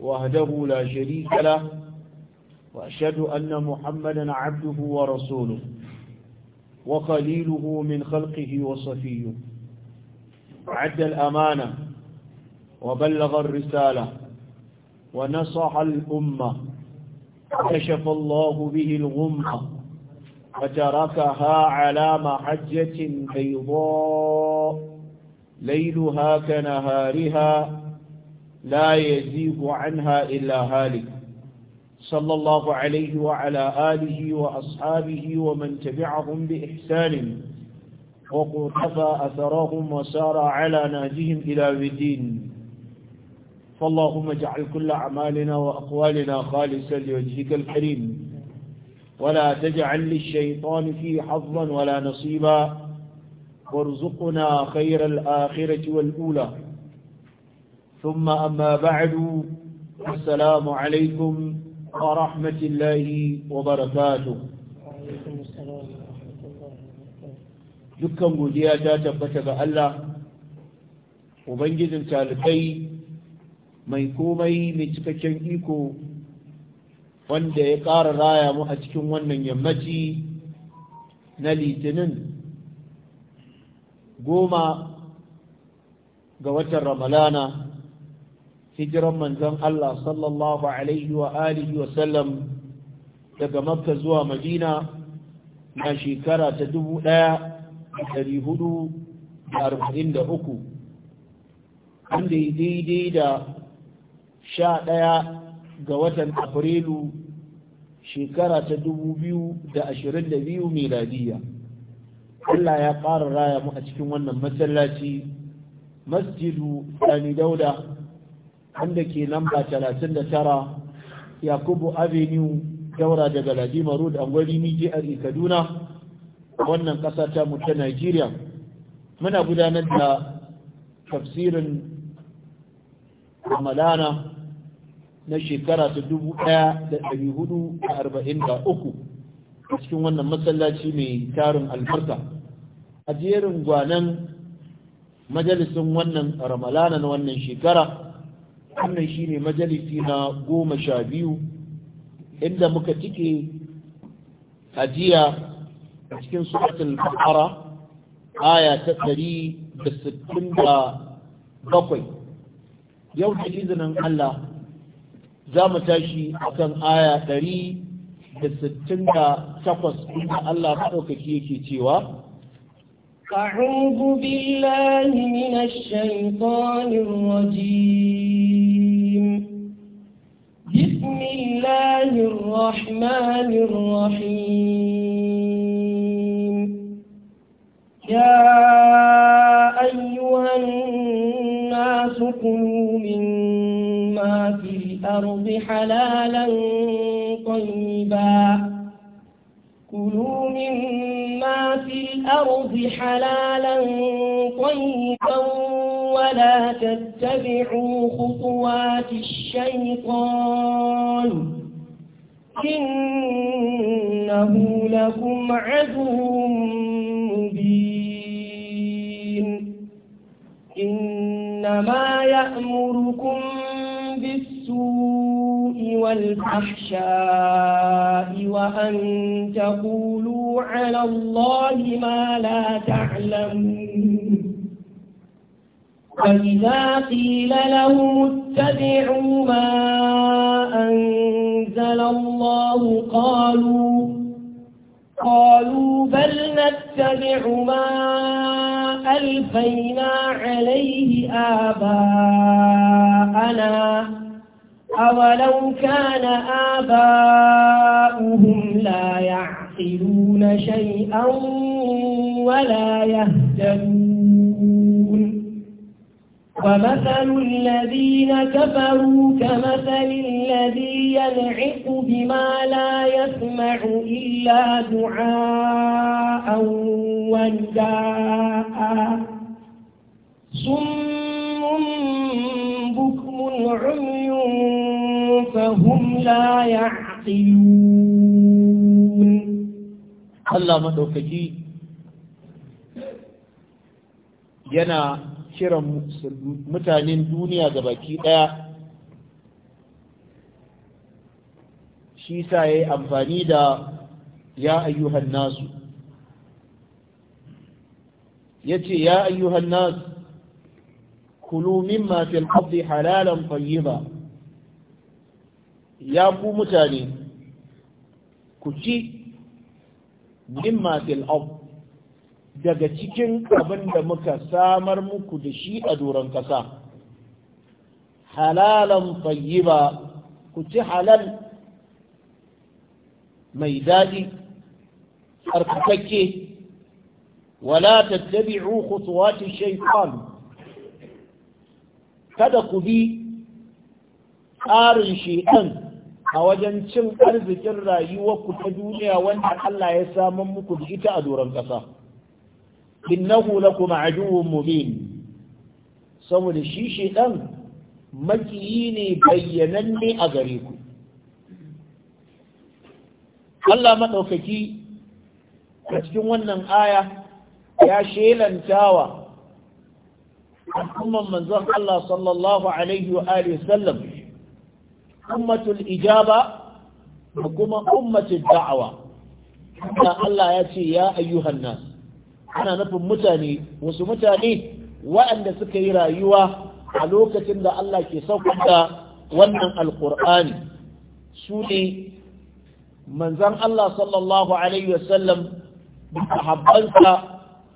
وحده لا شريك له وأشهد أن محمدا عبده ورسوله وقليله من خلقه وصفيه عد الأمانة وبلغ الرسالة ونصح الأمة كشف الله به الغمة فتركها على محجة بيضاء ليلها كنهارها لا يزيغ عنها إلا هالك صلى الله عليه وعلى آله وأصحابه ومن تبعهم بإحسان وقتفى أثرهم وسار على ناجهم إلى بدين فاللهم اجعل كل أعمالنا وأقوالنا خالصا لوجهك الكريم ولا تجعل للشيطان في حظا ولا نصيبا وارزقنا خير الآخرة والأولى ثم أما بعد السلام عليكم ورحمة الله وبركاته dukkan godiya ta tabbata ga Allah ubangijin talibai mai komai mai cikakken iko wanda ya ƙara raya mu a cikin wannan yammaci na litinin goma ga watan ramalana hijiran manzon Allah sallallahu alaihi wa alihi wa sallam daga makka zuwa madina na shekara ta dubu ɗaya ɗari hudu da arba'in da uku wanda ya daidai da sha ɗaya ga watan afrilu shekara ta dubu biyu da ashirin da biyu miladiya Allah ya ƙara raya mu a cikin wannan masallaci masjidu ɗani dauda wanda ke lamba 39 yakubu avenue daura daga ladima road angwari miji a e, kaduna wannan ƙasa ta mu ta nigeria muna gudanar da tafsirin ramadana na shekara ta 1443 a cikin wannan masallaci mai tarin albarka a jerin gwanan majalisun wannan ramadana na wannan shekara wannan shine majalisi na goma sha biyu inda muka cike ajiya a cikin suratul baqara aya ta ɗari da sittin da bakwai yau da izinin Allah za mu tashi akan aya ɗari da sittin da takwas inda Allah maɗaukaki yake cewa أعوذ بالله من الشيطان الرجيم الرحمن الرحيم يا أيها الناس كلوا مما في الأرض حلالا طيبا كلوا مما في الأرض حلالا طيبا ولا تتبعوا خطوات الشيطان إنه لكم عدو مبين إنما يأمركم بالسوء والفحشاء وأن تقولوا على الله ما لا تعلمون فإذا قيل لهم اتبعوا ما أنتم أنزل الله قالوا قالوا بل نتبع ما ألفينا عليه آباءنا أولو كان آباؤهم لا يعقلون شيئا ولا يهتدون فمثل الذين كفروا كمثل الذي ينعق بما لا يسمع إلا دعاء ونداء صم بكم عمي فهم لا يعقلون الله مدوكتي yana kiran mutanen duniya ga baki ɗaya shi sa ya yi amfani da ya ayyuhan nasu ya ce ya ayyuhan nasu kulu mimma fil ardi halalan ba. ya ku mutane ku ci min fil ardi daga cikin abin da muka samar muku da shi a doron ƙasa halalan fayyiba ku ci halal mai daɗi tsarkakke wala tattabi'u khutuwati shaytan kada ku bi tsarin shaitan a wajen cin arzikin rayuwarku ta duniya wanda Allah ya samar muku da ita a doron ƙasa. innahu lakum aduwwun mubin saboda shi shedan makiyi ne bayyananne a gare ku Allah maɗaukaki a cikin wannan aya ya shelantawa al'umman manzon Allah sallallahu alaihi wa alihi sallam ummatul ijaba da kuma ummatul da'awa Allah ya ce ya ayyuhan nas ana nufin mutane wasu mutane waɗanda suka yi rayuwa a lokacin da Allah ke saukunta wannan alkur'ani su ne manzan Allah sallallahu alaihi wasallam sahabbansa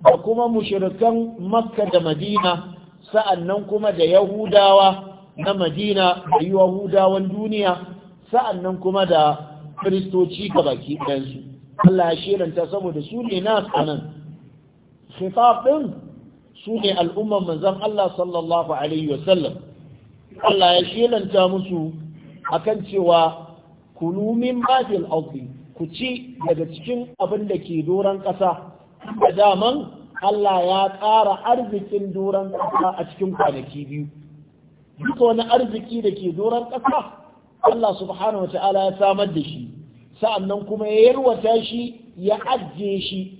da kuma mushirikan makka da madina sa'annan kuma da yahudawa na madina da yahudawan duniya sa'annan kuma da kiristoci ga baki ɗansu Allah ya shiranta saboda su ne na tsanan khifaf din sune ne al'ummar manzon Allah sallallahu alaihi wasallam Allah ya shelanta musu akan cewa kulu min batil ardi ku ci daga cikin abin da ke doron ƙasa da daman Allah ya ƙara arzikin doron ƙasa a cikin kwanaki biyu duka wani arziki da ke doron ƙasa Allah subhanahu ta'ala ya samar da shi sa'annan kuma ya yarwata shi ya ajiye shi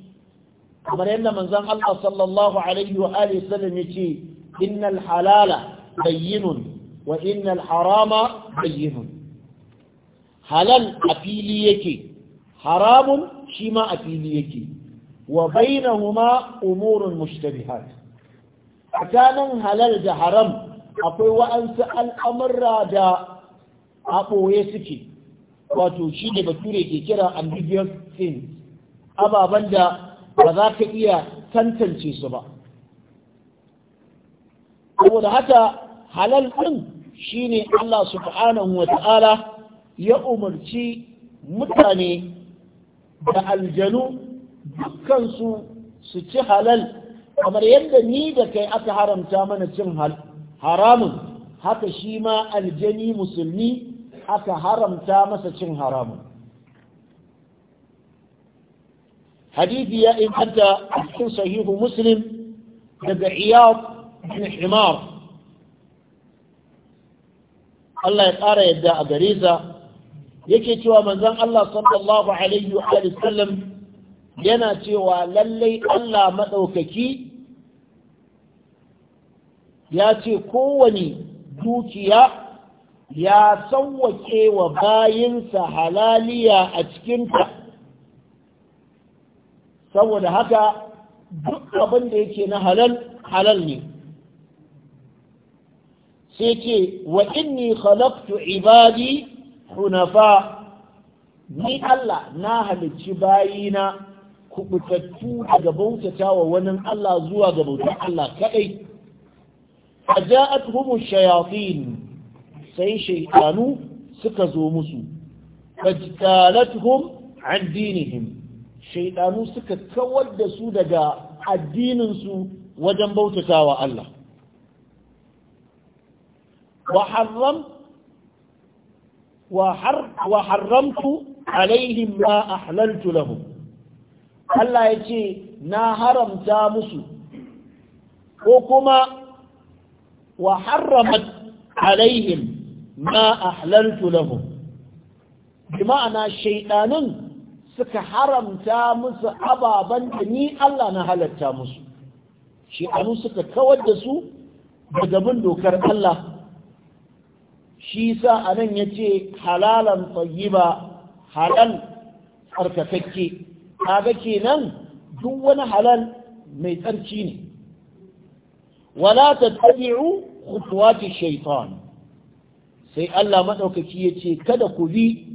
kamar yadda manzon Allah sallallahu alaihi wa alihi sallam yace innal halala bayyinun wa innal harama bayyinun halal a fili yake haramun shi ma a fili yake wa bainahuma umurun mushtabihat tsakanin halal da haram akwai wa'ansu al'amurra da a ɓoye suke wato shi ne bature ke kira ambiguous things ababen da ba za ka iya tantance su ba saboda haka halal ɗin shine Allah subhanahu wa ta'ala ya umarci mutane da aljanu dukansu su ci halal kamar yadda ni da kai aka haramta mana cin haramun haka shi ma aljani musulmi aka haramta masa cin haramun hadisi ya inganta a cikin muslim daga iyad bin ya ƙara yadda a gare yake cewa manzon Allah sallallahu alaihi wa sallam yana cewa lallai Allah madaukaki ya ce kowani dukiya ya sauwake wa bayinsa halaliya a cikinta saboda haka duk abin da yake na halal halal ne sai ce wa inni khalaqtu ibadi hunafa ni Allah na halicci bayina kubutattu daga bautata wa wani Allah zuwa ga bautar Allah kadai فجاءتهم shayafin, sai shaitanu suka zo musu hum an dinihim shaidanu suka kawar da su daga addininsu wajen bautatawa wa Allah. wa harramtu alaihim ma ahlaltu lahum Allah ya ce na haramta musu ko kuma wa harramat alaihim ma halartu lahum bi ma'ana shaidanun suka haramta musu ababen da ni Allah na halatta musu shekaru suka kawar da su daga bin dokar Allah shi sa a nan ya ce halalan ba halal tsarkakakke kaga kenan duk wani halal mai tsarki ne wala tattabi'u khutuwati shaitan sai Allah maɗaukaki ya ce kada ku bi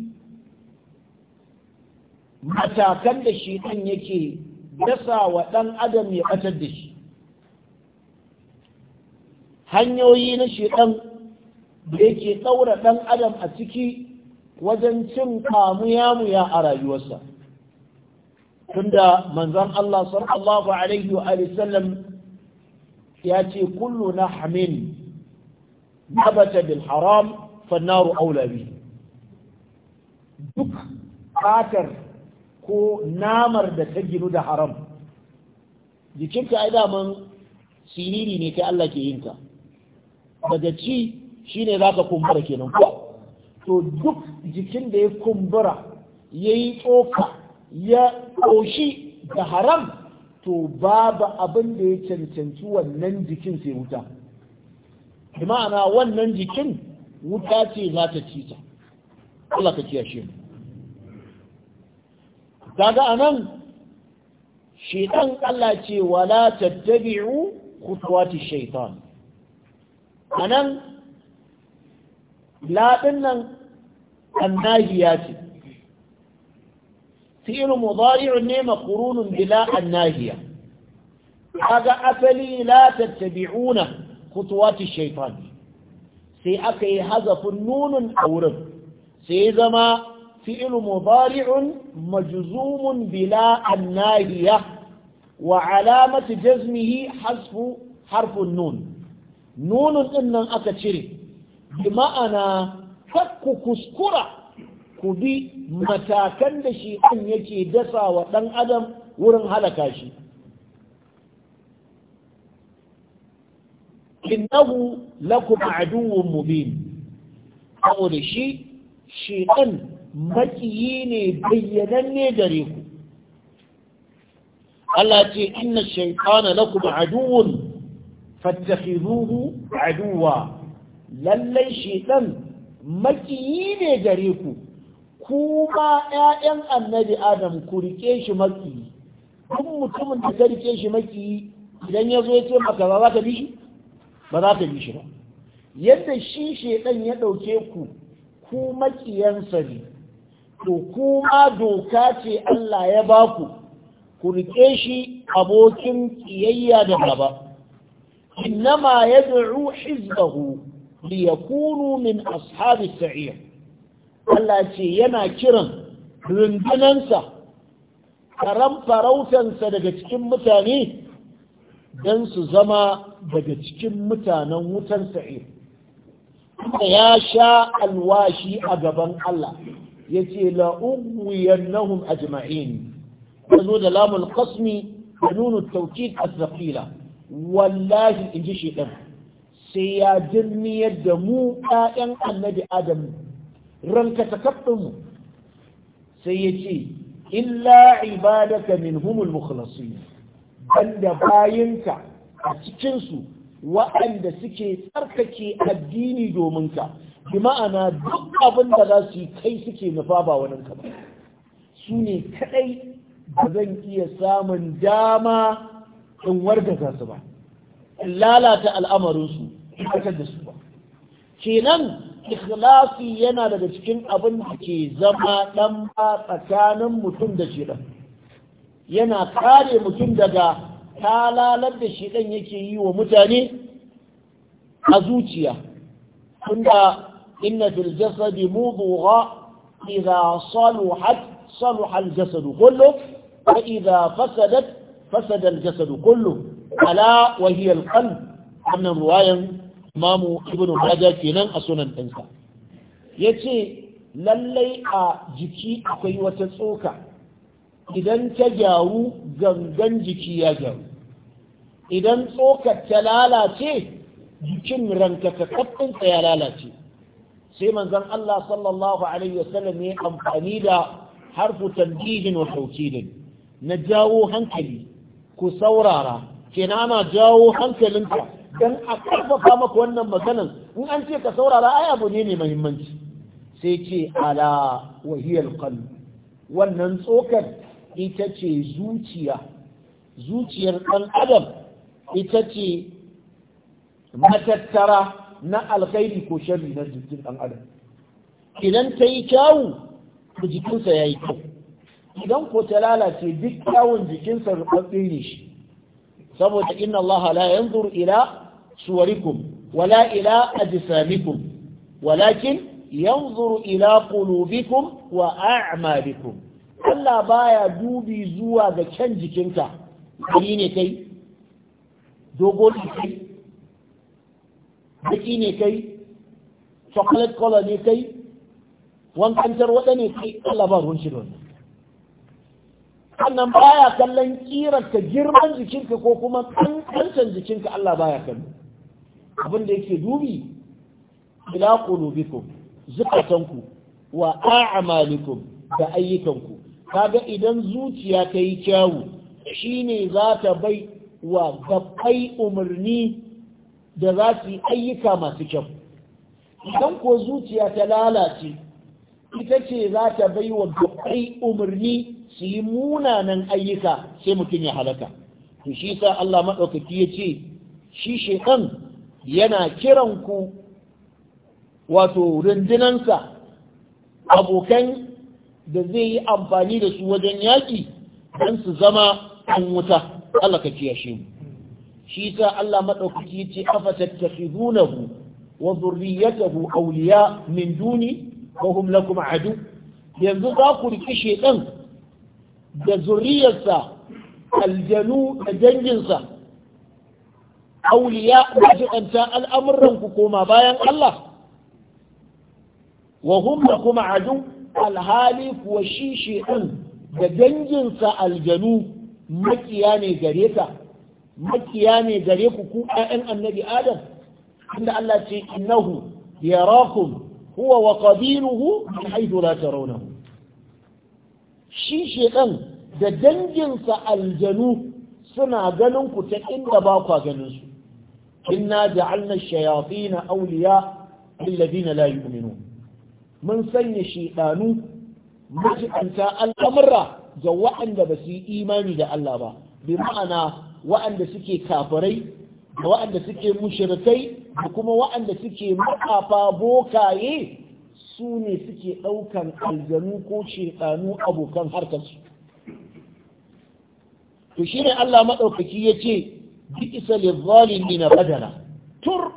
matakan da shi ɗan yake dasa wa ɗan adam ya ɓatar da shi hanyoyi na shi ɗan da yake ɗaura ɗan adam a ciki wajen cin kamuya-muya a rayuwarsa tunda manzon Allah sallallahu alaihi wa sallam ya ce kullu na hamin nabata bil haram fannaru aulabi duk fatar ko namar da ta ginu da haram jikinka ai daman siriri ne kai Allah ke yin ka daga ci shine zaka kumbura kenan ko to duk jikin da ya kumbura yayi tsoka ya koshi da haram to babu abin da ya cancanci wannan jikin sai wuta bi ma'ana wannan jikin wuta ce za ta ci ta Allah ka kiyashe mu kaga anan shaitan Allah ce wala tattabi'u khutuwati shaitan anan la nan annahiya ce fi'il mudari'un ne maqrunun bila annahiya kaga asali la tattabi'una khutuwati shaitan sai aka yi hazafin nunun a wurin sai zama فعل مضارع مجزوم بلا الناهية وعلامة جزمه حذف حرف النون نون إن أكتشري بمعنى فك كسكرة كبي متاكن دشي أن يكي دسا وطن أدم ورن هلكاشي إنه لكم عدو مبين أو شيء شيئا maƙiyi ne bayyananne gare ku Allah ce inna shaytana lakum aduwwun fattakhiduhu aduwa lallai shaytan maƙiyi ne gare ku kuma ƴaƴan annabi adam ku rike shi makiyi duk mutumin da ka rike shi makiyi idan ya zo ya ce maka ba za ka bi shi ba za ka bi shi ba yadda shi shaytan ya ɗauke ku ku makiyansa ne to kuma doka ce Allah ya ba ku ku rike shi abokin kiyayya da gaba innama yad'u hizbahu liyakunu min ashabis sa'ir Allah ce yana kiran rundunansa karam farautansa daga cikin mutane dan su zama daga cikin mutanen wutan sa'ir ya sha alwashi a gaban Allah yace la ughwiyannahum ajma'in yazo da lamul kasmi da nunu tauki a Zafila. wallahi inji shi ɗan. sai ya jirni da mu ɗayan annabi adam ranka takaffin mu sai ya ce illa ibadaka minhumul mukhlasin banda bayinka a cikinsu waɗanda suke tsarkake addini domin ka bi ma'ana duk abin da za su yi kai suke nufa ba wani kama. su ne kadai da zan iya samun dama in za su ba lalata al'amarinsu in da su ba kenan ikhlasi yana daga cikin abin da ke zama dan ba tsakanin mutum da shi yana kare mutum daga talalar da shi yake yi wa mutane a zuciya tunda إن في الجسد مضغة إذا صلحت صلح الجسد كله وإذا فسدت فسد الجسد كله ألا وهي القلب أن رواية إمام ابن ماجه كنان السنن إنسا يتي lallai a jiki akwai wata tsoka idan ta gyaru gangan jiki ya gyaru idan tsokar ta lalace jikin ranka ka ya lalace sai manzon Allah sallallahu alaihi wasallam ya amfani da harfu tanbihin wa tawkidin na jawo hankali ku saurara kenan ana jawo hankalinka dan a karfafa maka wannan maganan in an ce ka saurara ai abu ne mai muhimmanci sai ce ala wahiyar qalb wannan tsokar ita ce zuciya zuciyar ɗan adam ita ce matattara na alkhairi ko sharri na jikin ɗan adam idan ta yi kyawu to jikinsa ya yi kyau idan ko ta lalace duk kyawun jikinsa rubabbe ne shi saboda inna Allah la yanzuru ila suwarikum wala ila ajsamikum walakin yanzuru ila qulubikum wa a'malikum Allah baya dubi zuwa ga kyan jikinka gari ne kai Dogon? baki ne kai chocolate color ne kai wankan tarwada ne kai Allah ba ruwan shi da wannan sannan baya kallon ka girman jikinka ko kuma kankan jikinka Allah baya kallo abin da yake dubi ila qulubikum zukatanku wa a'malikum da ayyukanku kaga idan zuciya ta yi kyawu shine za ta bai wa gabai umarni da za su yi ayyuka masu kyau idan ko zuciya ta lalace ita ce za ta bai wa gabai umarni su yi munanan ayyuka sai mutum ya halaka to shi sa Allah maɗaukaki ya ce shi shekan yana kiran ku wato rundunansa abokan da zai yi amfani da su wajen yaƙi don su zama an wuta Allah ka kiyashe mu shi sa Allah madaukaki yace afatattakhidunahu wa dhurriyyatahu awliya min duni wa hum lakum adu yanzu za ku riki shedan da zuriyarsa aljanu da danginsa auliya al'amuran ku koma bayan Allah wa hum lakum adu alhali kuwa shi shedan da danginsa aljanu makiya ne gare ka makiya ne gare ku ku annabi adam inda Allah ce innahu yarakum huwa wa qabiluhu min haythu la tarawnahu shi shedan da danginsa aljanu suna ganin ku ta inda ba kwa ganin su inna ja'alna ash-shayatin awliya lil ladina la yu'minun mun sanya shedanu majibanta al'amura ga waɗanda ba su yi imani da Allah ba bi ma'ana wa'anda suke kafarai, da wa'anda suke mushrikai da kuma wa'anda suke makafa bokaye su ne suke ɗaukan aljanu ko shekanu abokan harkarsu to shi ne Allah maɗaukaki ya ce bi'isa ne na badala tur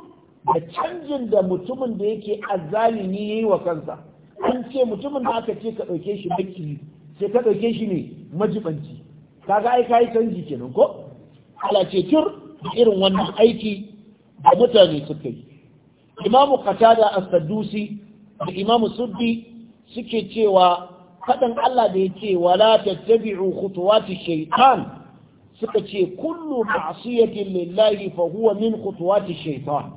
da canjin da mutumin da yake ya yi wa kansa an ce mutumin da aka ce ka ɗauke shi maki sai ka ɗauke shi ne majibanci kaga ai yi canji kenan ko ala da da irin wannan aiki da mutane suka yi imamu katada as da imamu suddi suke cewa faɗin Allah da ya ce wala tattabi'u khutuwati shaytan suka ce kullu ma'siyatin lillahi fa huwa min khutuwati shaytan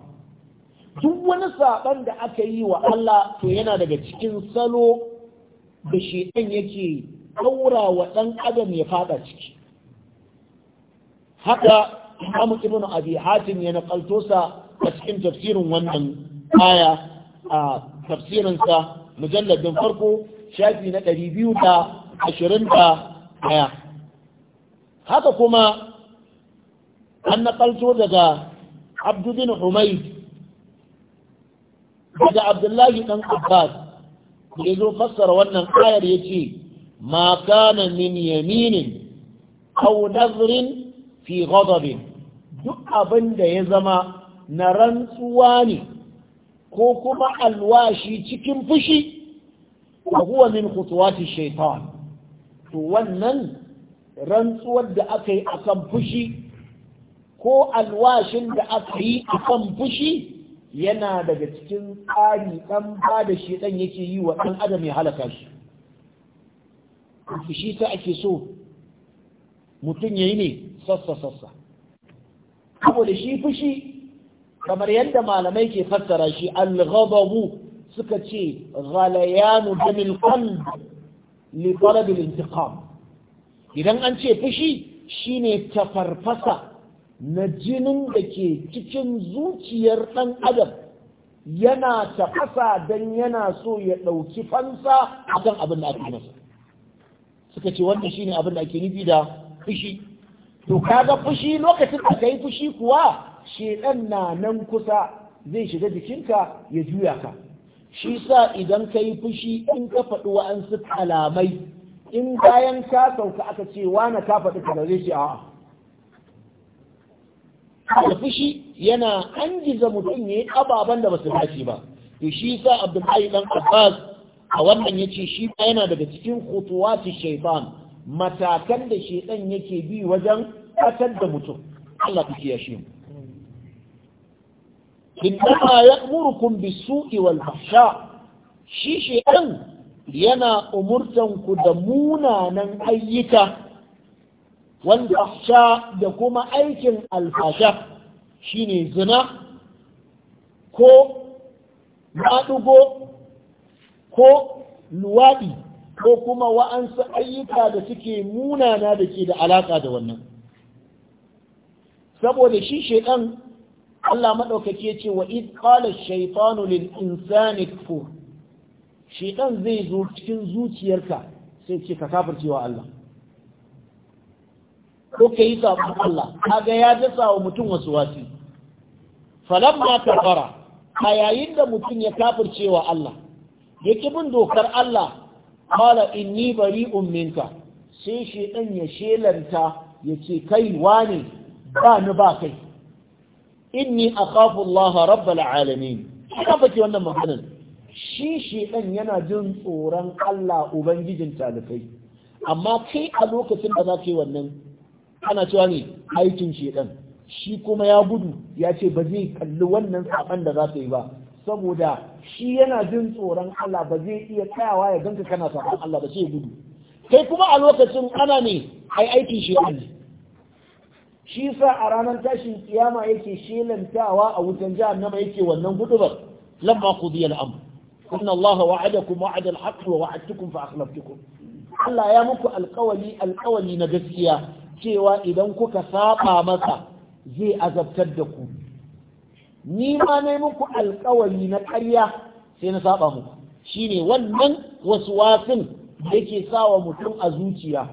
duk wani saban da aka yi wa Allah to yana daga cikin salo da shaytan yake daura wa dan adam ya fada ciki haka Imam Ibn Abi Hatim ya nakalto sa a cikin tafsirin wannan aya a tafsirin sa mujalladin farko shafi na 221 haka kuma an nakalto daga Abdu bin Humayd daga Abdullahi dan Abbas ya zo fassara wannan ayar ya ce ma kana min yaminin aw nazrin fi ghadabin duk abin da ya zama na rantsuwa ne ko kuma alwashi cikin fushi wa huwa min khutuwati shaitan to wannan rantsuwar da aka yi akan fushi ko alwashin da aka yi akan fushi yana daga cikin tsari dan ba da shi dan yake yi wa dan adam ya halaka shi fushi ta ake so mutum yayi ne sassa-sassa saboda shi fushi kamar yadda malamai ke fassara shi al-ghadabu suka ce ghalayanu damil qalb li talab al-intiqam idan an ce fushi shine tafarfasa na jinin da ke cikin zuciyar ɗan adam yana tafasa don yana so ya ɗauki fansa akan abin da aka masa suka ce wannan shine abin da ake nufi da fushi to kaga fushi lokacin da kai fushi kuwa shedan na nan kusa zai shiga jikinka ya juya ka shi sa idan kai fushi in ka faɗi wa'ansu kalamai in bayan ka sauka aka ce na ka faɗi kalamai ce a da fushi yana an giza mutum ne ababen da ba su dace ba to shi sa abdullahi dan abbas a wannan yace shi ba yana daga cikin khutuwati shaytan matakan da shedan yake bi wajen atar da mutum Allah ya kiyashe mu innama ya'murukum bisu'i wal-fahsha shi shedan yana umurtan ku da munanan ayyuka wanda fahsha da kuma aikin alfasha shine zina ko maɗugo ko luwaɗi ko kuma wa'ansu ayyuka da suke munana da ke da alaƙa da wannan saboda shi shaidan Allah ya ce wa id qala lil insani kfur shaidan zai zo cikin zuciyarka sai ce ka kafircewa Allah ko ka yi sabon Allah kaga ya dasa wa mutum wasu wasi falamma kafara a yayin da mutum ya kafircewa Allah ya bin dokar Allah qala inni bari minka sai shedan ya shelanta yace kai wane ba ni ba kai inni kafin Laha rabbul alamin ina fake wannan maganar shi shedan yana jin tsoron Allah ubangijin talibai amma kai a lokacin da zaka ke wannan ana cewa ne aikin shedan shi kuma ya gudu ya ce ba zai kalli wannan saban da za ta yi ba saboda shi yana jin tsoron Allah ba zai iya tsayawa ya ganka kana sabon Allah ba sai gudu kai kuma a lokacin ana ne ai aikin shi ne shi sa a ranar tashin kiyama yake shelantawa a wutan jahannama yake wannan gudubar lamma qudiya al-amr inna Allah wa'adakum wa'ada al-haqq wa wa'adtukum fa akhlaftukum Allah ya muku alƙawali alƙawali na gaskiya cewa idan kuka saba masa zai azabtar da ku ni ma ne muku alkawari na ƙarya sai na saba muku shine wannan wasu wasin da yake sawa mutum a zuciya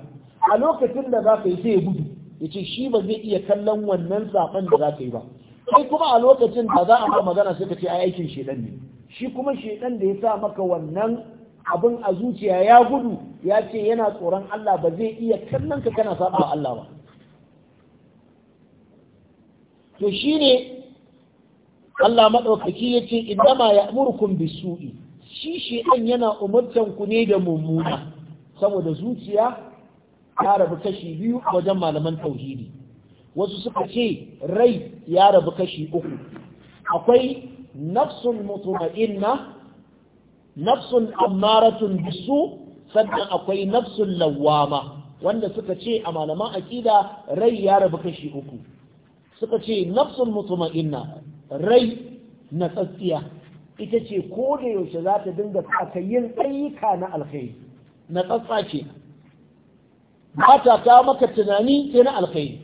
a lokacin da za ka yi sai ya gudu ya ce shi ba zai iya kallon wannan saban da za ka yi ba sai kuma a lokacin da za a ba magana suka ce ai aikin shedan ne shi kuma shedan da ya sa maka wannan abin a zuciya ya gudu ya ce yana tsoron Allah ba zai iya kallon ka kana saba Allah ba to shine Allah maɗaukaki ya ce innama ya amurkun bisu'i shi shi ɗan yana umartan ne da mummuna saboda zuciya ya rabu kashi biyu wajen malaman tauhidi wasu suka ce rai ya rabu kashi uku akwai nafsun mutuma'inna nafsun ammaratun su, sannan akwai nafsun lawama wanda suka ce a malaman aƙida rai ya rabu kashi uku suka ce nafsun mutuma'inna rai na tsatsiya ita ce ko da yaushe za ta dinga ka yin ayyuka na alkhairi na tsatsa ce ba ta ta maka tunani ce na alkhairi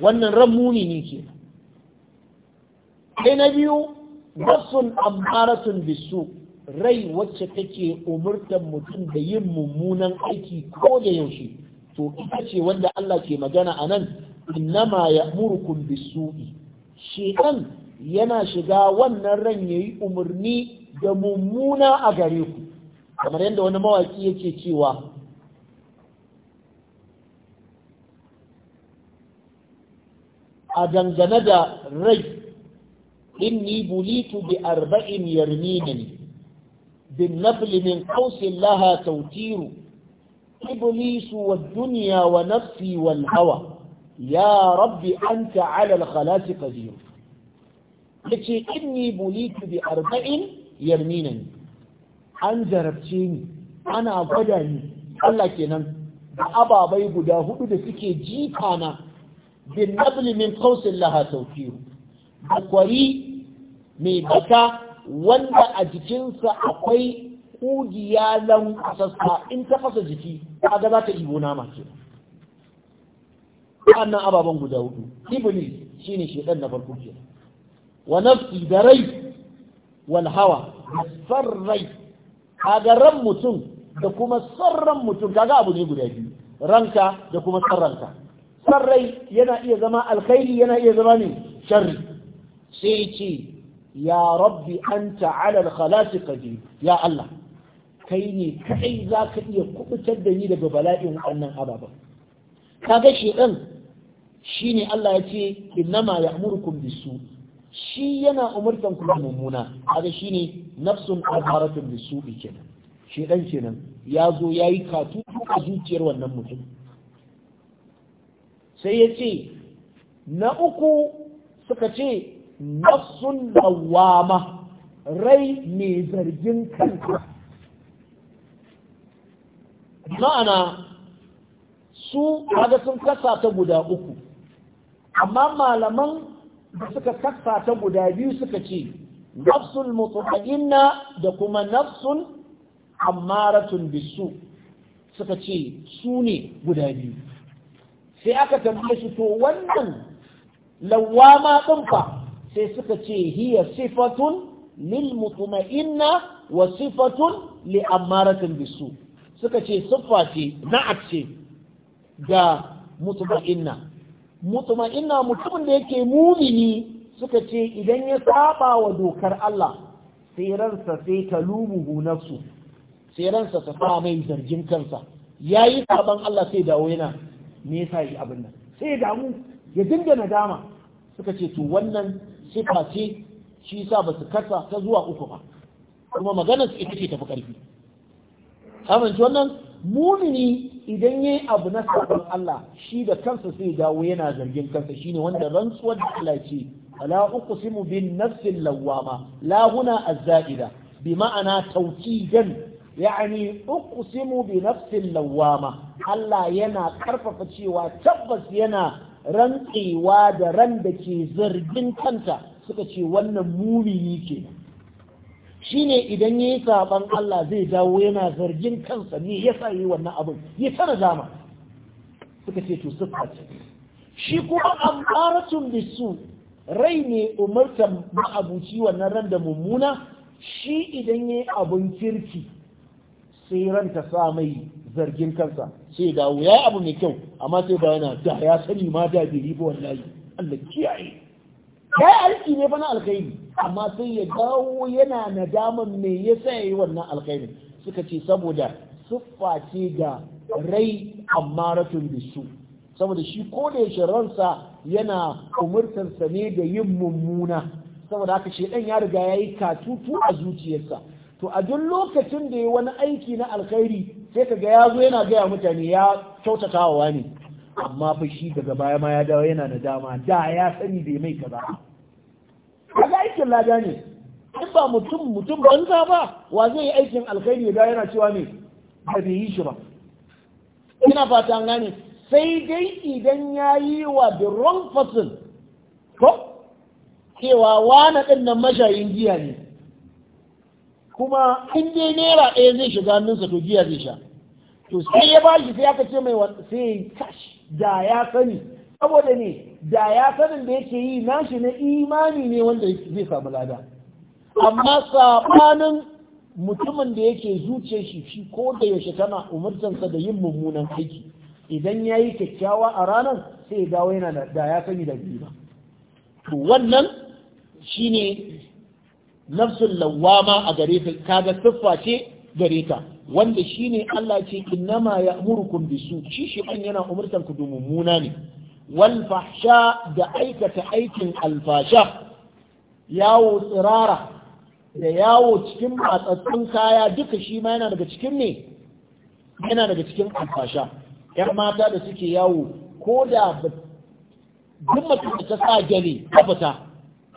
wannan ran muni ne ke sai na biyu wasu ammaratun bisu rai wacce take umurtar mutum da yin mummunan aiki ko da yaushe to ita ce wanda Allah ke magana a nan innama murkun bisu'i shekan yana shiga wannan ran ya yi umarni da mummuna a gare ku kamar yadda wani mawaki yake cewa a dangane da rai inni bulitu bi arba'in yarminani bin nafli min ƙausin laha tautiru iblisu wa duniya wa nafsi wal hawa ya rabbi anta ala al-khalasi qadir yace inni bulitu bi arba'in ni. an zarabce ni ana gwada ni Allah kenan da ababai guda hudu da suke jifa na bin nabli min laha tawfiru akwari mai bata wanda a jikinsa akwai kugiya lan in ta fasa jiki kaga za ta ibo nama kenan waɗannan ababen guda hudu shi shine shaidan na farko ke wa nafsi da rai wal hawa da san rai ran mutum da kuma sarran mutum kaga abu ne guda biyu ranka da kuma sarranka sarrai yana iya zama alkhairi yana iya zama ne sharri sai ce ya rabbi anta ala al qadir ya Allah kai ne kai ka iya kubutar da ni daga bala'in wannan ababen kaga shaidan. shine Allah ya ce innama ya'murukum bisu shi yana umurtan kula mummuna. mummuna shi ne nafsun azharatun bisu kenan shi dan kenan ya zo ya yi katu a zuciyar wannan mutum sai ya ce na uku suka ce nafsun lawama rai mai zargin kanka ma'ana su kaga sun kasa ta guda uku amma malaman da suka kasa ta guda biyu suka ce nafsul mutmainna da kuma nafsun ammaratun bisu suka ce su ne guda biyu sai aka tambaye su to wannan lawama din sai suka ce hiya sifatun lil mutmainna wa sifatun li ammaratun bisu suka ce siffa ce na'at ce ga ina mutumin da yake mumini suka ce idan ya saba wa dokar Allah sai ransa sai ta lumuhu nafsu sai ta fara mai zargin kansa yayi saban Allah sai dawo yana me yasa yi abin nan sai ya damu ya dinga nadama suka ce to wannan sifa ce shi yasa ba su kasa ta zuwa uku ba kuma maganar su ita ce tafi karfi amince wannan mumini idan ya yi abu na sabon Allah shi da kansa sai dawo yana zargin kansa shine wanda rantsuwar da Allah ce la uqsimu bin nafsin lawama. Lahuna huna zaida bi ma'ana tawkidan yani uqsimu bi nafsin lawwama Allah yana karfafa cewa tabbas yana rantsewa da ran da ke zargin kanta suka ce wannan mumini kenan shine idan yayi saban Allah zai dawo yana zargin kansa ne yasa yi wannan abin ya tara zama suka ce to suka ce shi kuma amaratun bisu rai ne umarta ma'abuci wannan ran da mummuna shi idan yayi abun kirki sai ranta sa mai zargin kansa sai dawo yayi abu mai kyau amma sai ba yana da ya sani ma da biyu, wallahi Allah kiyaye Kai aiki ne fa na alkhairi amma sai ya dawo yana nadaman me yasa yayi wannan alkhairin suka ce saboda siffa ce da rai amma ratun bisu saboda shi ko da yake ransa yana umurtarsa ne da yin mummuna saboda haka dan ya riga yayi katutu a zuciyarsa to a duk lokacin da ya wani aiki na alkhairi sai ka ga ya zo yana gaya mutane ya kyautatawa ne amma fa shi daga baya ma ya dawo yana dama, da ya sani bai mai kaza ga aikin lada ne in ba mutum mutum banza ba wa zai yi aikin alkhairi ya dawo yana cewa ne ba bai yi shi ba ina fata an gane sai dai idan ya yi wa the wrong person ko cewa wani ɗin nan mashayin giya ne kuma in dai naira ɗaya zai shiga hannunsa to giya zai sha to sai ya ba shi sai aka ce mai sai ya yi kashi da ya sani saboda ne da ya sanin da yake yi nashi na imani ne wanda zai samu lada amma sabanin mutumin da yake zuce shi shi ko da yaushe tana umurtansa da yin mummunan aiki idan ya yi kyakkyawa a ranar sai ya dawo yana da ya sani da biyu ba to wannan shine nafsul lawama a gare ta kaga siffa ce gare ta wanda shine Allah ce innama ya'murukum bisu shi shi yana umurtan ku mummuna ne wal fahsha da aikata aikin alfasha yawo tsirara da yawo cikin matsatsun kaya duka shi ma yana daga cikin ne yana daga cikin alfasha yan mata da suke yawo ko da duk mutum da ta sa gani ta fita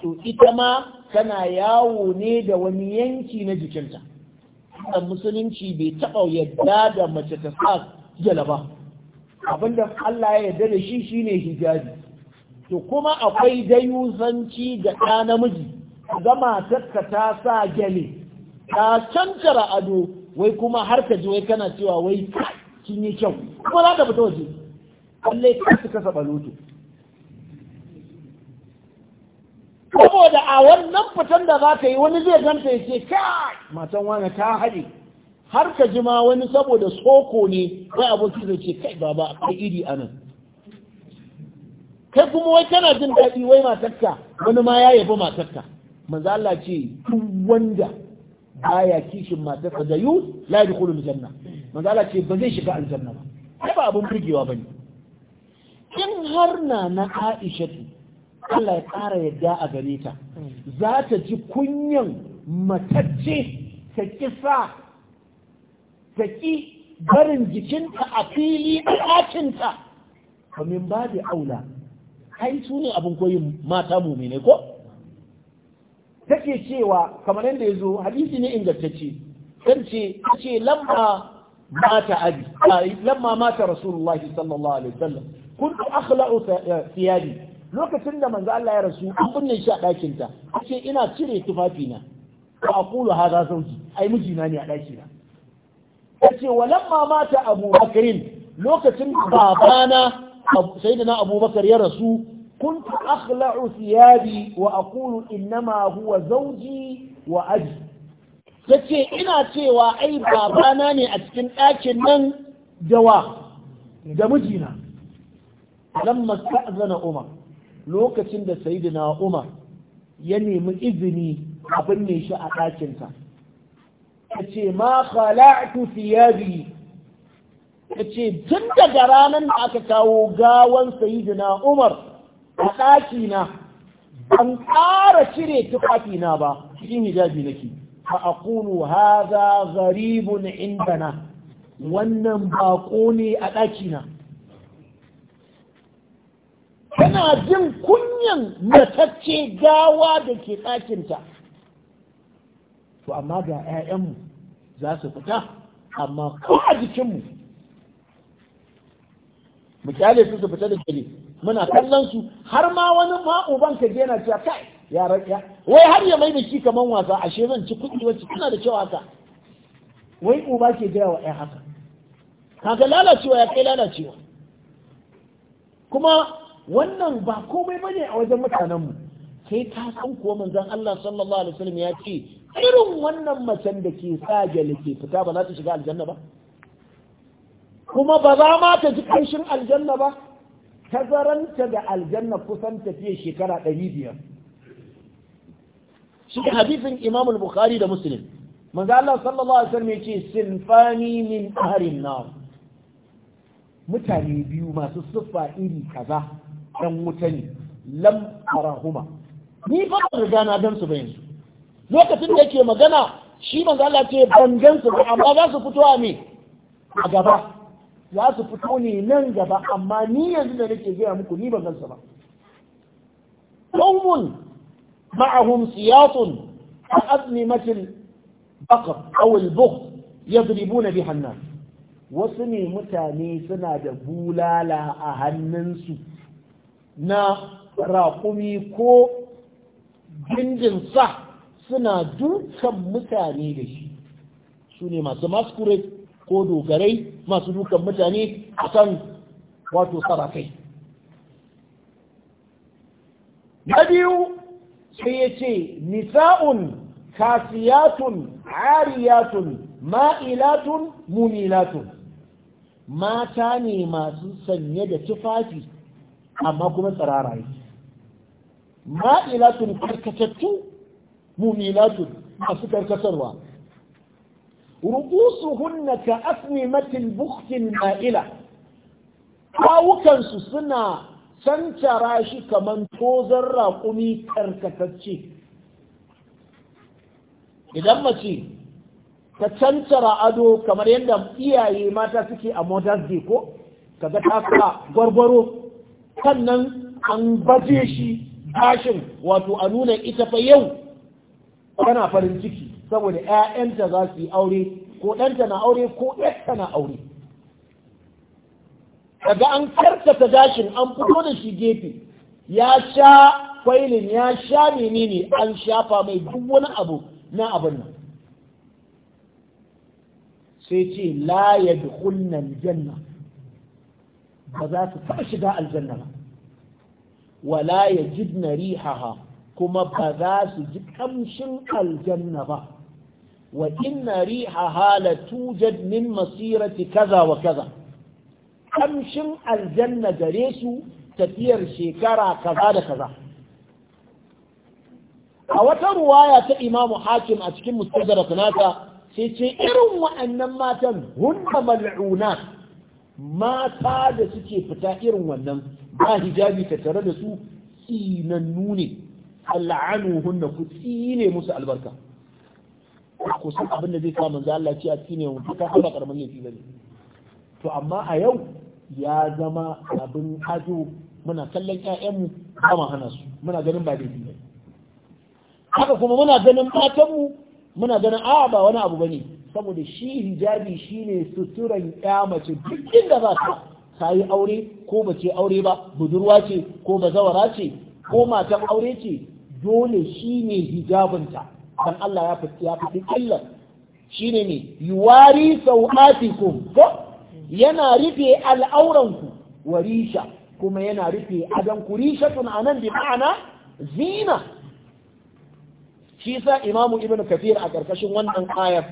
to ita ma tana yawo ne da wani yanki na jikinta da musulunci bai taɓa yadda da mace ta sa jalaba ba abinda Allah ya yarda da shi shine hijabi to kuma akwai dayuzanci da ɗa namiji ga matarka ta sa gyale ta cancara ado wai kuma har ka ji wai kana cewa wai kin yi kyau kuma za ka fita waje lallai ka su kasa baloto saboda a wannan fitan da za ta yi wani zai ganta ya ce kai matan wani ta haɗe har ka ji ma wani saboda soko ne kai aboki zai ce kai baba Kai iri a nan kai kuma wai kana jin daɗi wai matarka wani ma ya yabi matarka manzo Allah ce duk wanda baya kishin matarka da yu la yadkhulul janna manzo Allah ce ba zai shiga aljanna ba ba abun burgewa bane in har na na Aisha Allah ya ƙara yadda a gare ta za ta ji kunyan matacce ta kisa ta ƙi barin jikinta a fili a ɗakinta kamin ba da aula ai su ne abin koyin mata ne, ko take cewa kamar yadda ya zo hadisi ne ingantacce kan ce ce lamma mata abi lamma mata rasulullahi sallallahu alaihi wasallam kuntu akhla'u eh, thiyabi lokacin da manzo Allah ya rasu an kunne shi a ɗakin ta ce ina cire tufafi na fa aqulu hadha zawji ai mijina ne a ɗaki na yace walamma mata Abu Bakrin lokacin babana sayyidina Abu Bakar ya rasu كنت أخلع ثيابي وأقول إنما هو زوجي وأجي tace ina cewa ai babana ne a cikin ɗakin nan dawa da mijina lamma sta'zana umar lokacin da sayyidina Umar ya nemi izini a binne shi a ɗakinsa ya ce ma khala'tu thiyabi ya ce tun daga ranar da aka kawo gawan sayyidina Umar a ɗakina ban ƙara cire tufafina ba cikin hijabi nake fa aqulu hadha gharibun indana wannan baƙo ne a ɗakina tana jin kunyan matacce gawa da ke ɗakinta to amma ga 'ya'yanmu za su fita amma ko a jikinmu mu su su fita da gari muna kallon su har ma wani ma uban ka je cewa kai yaran ya wai har ya mai da shi kaman wasa a zan ci kuɗi wacce tana da cewa haka wai uba ke gaya wa ‘ya haka kaga lalacewa ya kai lalacewa kuma wannan ba komai bane a wajen mutanenmu sai ta san kuwa manzon Allah sallallahu alaihi wasallam ya ce irin wannan macen da ke sa jalike fita ba za ta shiga aljanna ba kuma ba za ma ta ji ƙanshin aljanna ba tazaranta da aljanna kusan tafiye shekara ɗari biyar shi hadisin imam al-bukhari da muslim manzo Allah sallallahu alaihi wasallam yace sinfani min ahrin nar mutane biyu masu siffa iri kaza ɗan wuta ne lam arahuma ni ba riga na gan su ba yanzu lokacin da yake magana shi manzo Allah ce ban gan su ba amma za su fito a me a gaba za su fito ne nan gaba amma ni yanzu da nake gaya muku ni ban gan su ba qawmun ma'ahum siyatun al-azmimatil baqar aw al-bukh yadribuna biha an wasu ne mutane suna da bulala a hannunsu na raƙumi ko jinjin sa suna dukan mutane da shi su ne masu masquerade ko dogarai masu dukan mutane a kan wato sarafai na biyu sai ya ce nisa'un kasiyatun ariyatun ma'ilatun mumilatun mata ne masu sanye da tufafi amma kuma tsirara yake ma'ilatun karkatattu mumilatun masu karkatarwa hunna ka matin buktin ma'ila kawukansu suna cancara shi kamar tozon raƙumi karkatacce idan mace ta cancara ado kamar yadda iyaye mata suke a motar ko kaga ta sa gwargwaro sannan an baje shi gashin wato a nuna ita fa yau tana farin ciki saboda 'ya'yanta za su yi aure ko ɗanta na aure ko ƴarta na aure daga an karkata gashin an fito da shi gefe ya sha kwailin ya sha menene an shafa mai duk wani abu na abin nan sai ce la ya janna ba za su taɓa shiga aljanna ba wala ya jidna rihaha kuma ba za su ji kamshin aljanna ba wa inna rihaha la tujad min masirati kaza wa kaza kamshin aljanna gare su tafiyar shekara kaza da kaza a wata ruwaya ta imamu hakim a cikin mustadrak nata, sai ce irin wa'annan matan hunna mal'unat mata da suke fita irin wannan ba hijabi ta tare da su tsinannu ne al'anuhunna ku tsine musu albarka ku san abin da zai sa manzo Allah ce a tsine mu ka kaba karaman laifi bane to amma a yau ya zama abin ajo muna kallon ƴaƴanmu kama hana su muna ganin ba daidai. haka kuma muna ganin matanmu muna ganin a ba wani abu bane saboda shi hijabi shine suturan ya mace duk inda za ka ta yi aure ko ba ce aure ba budurwa ce ko ba zawara ce ko matan aure ce dole shine hijabinta dan Allah ya fiti ya shine ne yuwari sau'atikum ko yana rufe al'auranku warisha kuma yana rufe adan kurishatun anan bi ma'ana zina shi sa imamu ibnu kafir a karkashin wannan ayar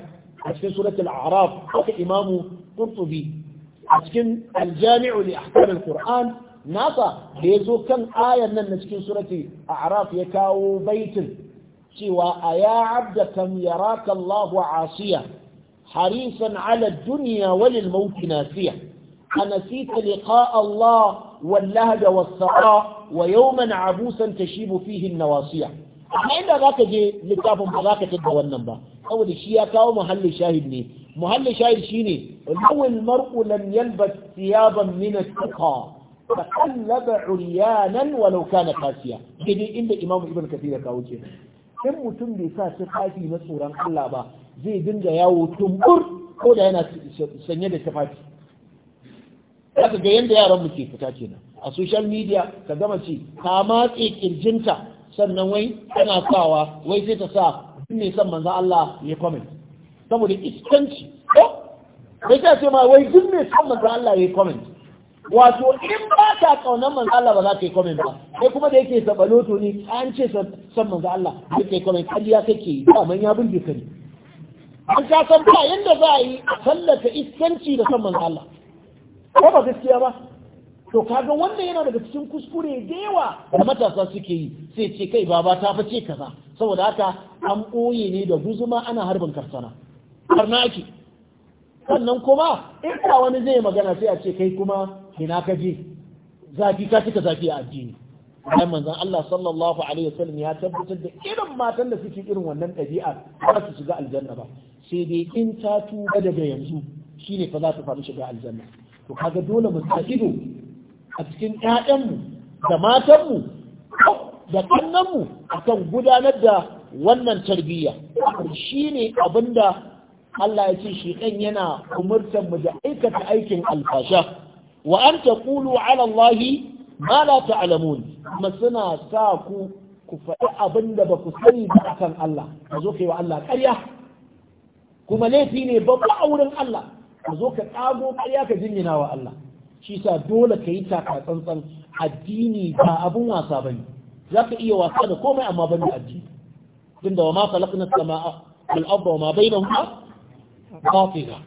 a cikin suratul araf haka imamu kurtubi a cikin aljami'u li ahkamil qur'an nasa da yazo kan ayan nan na cikin suratul araf ya kawo baitin cewa aya abda kam yaraka allah asiya harisan ala dunya wal maut nasiya anasita liqa allah wal lahda was sara wa yawman abusan tashibu fihi an nawasiya inda zaka je littafin ba zaka tada wannan ba saboda shi ya kawo muhallin shahid ne muhallin shahid shine lawal mar'u lam yalbas thiyaban min at-taqa takallaba uryanan walau kana kaciya. dai inda imamu ibn kathir ya kawo ce in mutum bai sa tufafi na tsoron Allah ba zai dinga yawo tumbur ko da yana sanye da tufafi zaka ga yanda yaran mu ke fita kenan a social media ka gama ce ka matse kirjinta sannan wai tana sawa wai sai ta sa ne son manzan Allah ya comment saboda iskanci ko sai ce ma wai duk ne son manzan Allah ya comment wato in ba ta kaunar manzan Allah ba za ka yi comment ba sai kuma da yake sabaloto ne an ce san manzan Allah ya kai yi comment ya kake ba man ya burge ka ne an ka san ba yanda za a yi tallata iskanci da san manzan Allah ko ba gaskiya ba to kaga wanda yana daga cikin kuskure da yawa da matasa suke yi sai ce kai baba ta fice kaza saboda haka an ɓoye ne da guzuma ana harbin karsana karna ake sannan kuma inda wani zai magana sai a ce kai kuma kina ka je zafi ka cika zafi a addini ai manzon Allah sallallahu alaihi wasallam ya tabbatar da irin matan da suke irin wannan ɗabi'a ba su shiga aljanna ba sai dai in ta tuba daga yanzu shine fa za ta faru shiga aljanna to kaga dole mu sa ido a cikin 'ya'yanmu, da matanmu da mu akan gudanar da wannan tarbiyya shi ne da Allah ya ce shi ɗan yana umurtar mu da aikata aikin alfasha wa an taqulu ala Allah ma la ta'lamun kuma suna sa ku ku faɗi abin da ba ku sani ba akan Allah ka zo kai wa Allah ƙarya kuma laifi ne babba a wurin Allah ka zo ka ƙago ƙarya ka jinyina wa Allah shi sa dole ka yi taka tsantsan addini ba abun wasa ba ne za ka iya wasa da komai amma ban da addini tun da wa ma falakna sama al abba wa ma bainahuma qatila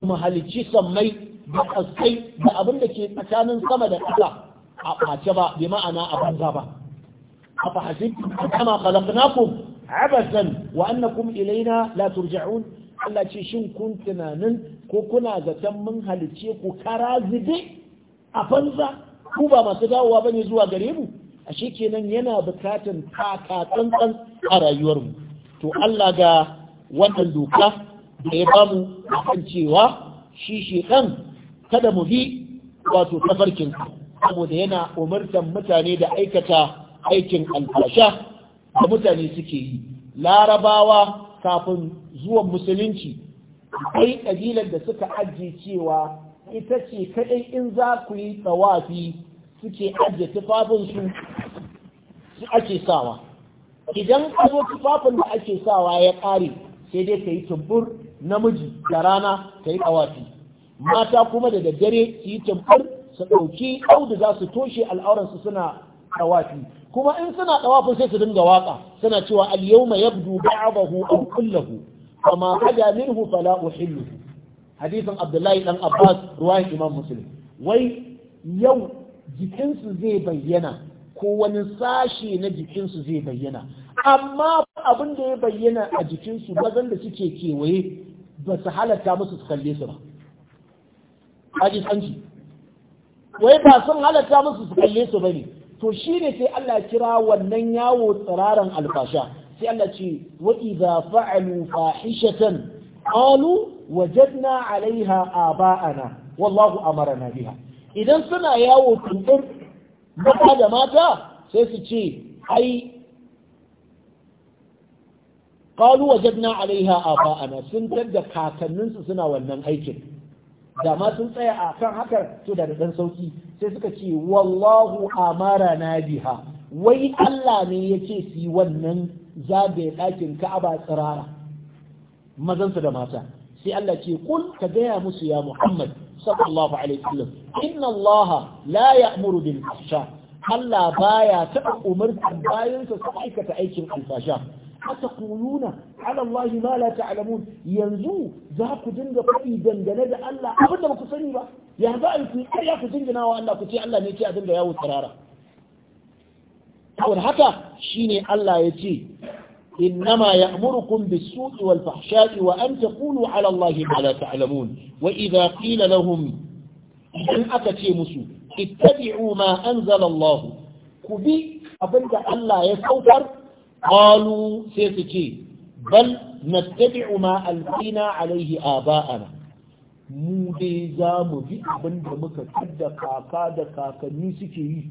kuma halicci sammai da kaskai da abin da ke tsakanin sama da ƙasa a ɓace ba bi ma'ana a banza ba a fahasib kama khalaqnakum abasan wa annakum ilaina la turja'un Allah ce shin kun tunanin ko kuna zaton mun halice ku kara zube a banza ku ba masu dawowa bane zuwa gare mu ashe kenan yana bukatan taka tsantsan a rayuwar mu to Allah ga wannan doka da ya bamu kan cewa shi ɗan, kada mu bi wato tafarkin saboda yana umartan mutane da aikata aikin alfasha da mutane suke yi larabawa kafin zuwan musulunci akwai ƙabilar da suka ajiye cewa ita ce kaɗai in za ku yi tsawafi suke ajiye tufafinsu su ake sawa idan zo tufafin da ake sawa ya ƙare sai dai ka yi tumbur namiji da rana ka yi tsawafi mata kuma da daddare su yi tumbur su ɗauki auduga su toshe al'auransu suna tawafi kuma in suna tawafin sai su dinga waka suna cewa al-yawma yabdu ba'dahu aw kulluhu kama hada minhu fala uhillu hadithan Abdullahi dan Abbas ruwayi Imam Muslim wai yau jikinsu zai bayyana ko wani sashe na jikinsu zai bayyana amma abin da ya bayyana a jikinsu bazan da suke kewaye ba su halatta musu su kalle su ba haji sanci wai ba sun halatta musu su kalle su ba ne to shi ne sai Allah kira wannan yawo tsiraran alfasha sai Allah ce wa idza fa'alu fahishatan qalu wajadna 'alayha aba'ana wallahu amarna biha idan suna yawo tumbur mata da mata sai su ce ai qalu wajadna 'alayha aba'ana sun tada kakanninsu suna wannan aikin da ma sun tsaya a kan hakar to da dan sauki sai suka ce wallahu amara na biha wai Allah ne ya ce su yi wannan zabe ɗakin ka'aba tsirara mazansu da mata sai Allah ce kul ka gaya musu ya Muhammad sallallahu alaihi wasallam inna Allah la ya'muru bil fahsha Allah baya taɓa umarci bayansa su aikata aikin alfasha atakununa ala Allah ma la yanzu za ku dinga fadi dangane da Allah abin da sani ba yanzu a yi ya ku dingina wa Allah ku ce Allah ne ke a dinga yawo tsirara saboda haka shine Allah ya ce إنما يأمركم بالسوء والفحشاء وأن تقولوا على الله ما لا in aka ce musu إن أتتيمسوا اتبعوا ما أنزل الله كبي أبدا أن لا يسوطر qalu sai su ce bal nattabi'u ma alqina alaihi aba'ana mu dai za mu bi abin da muka da kaka da kakanni suke yi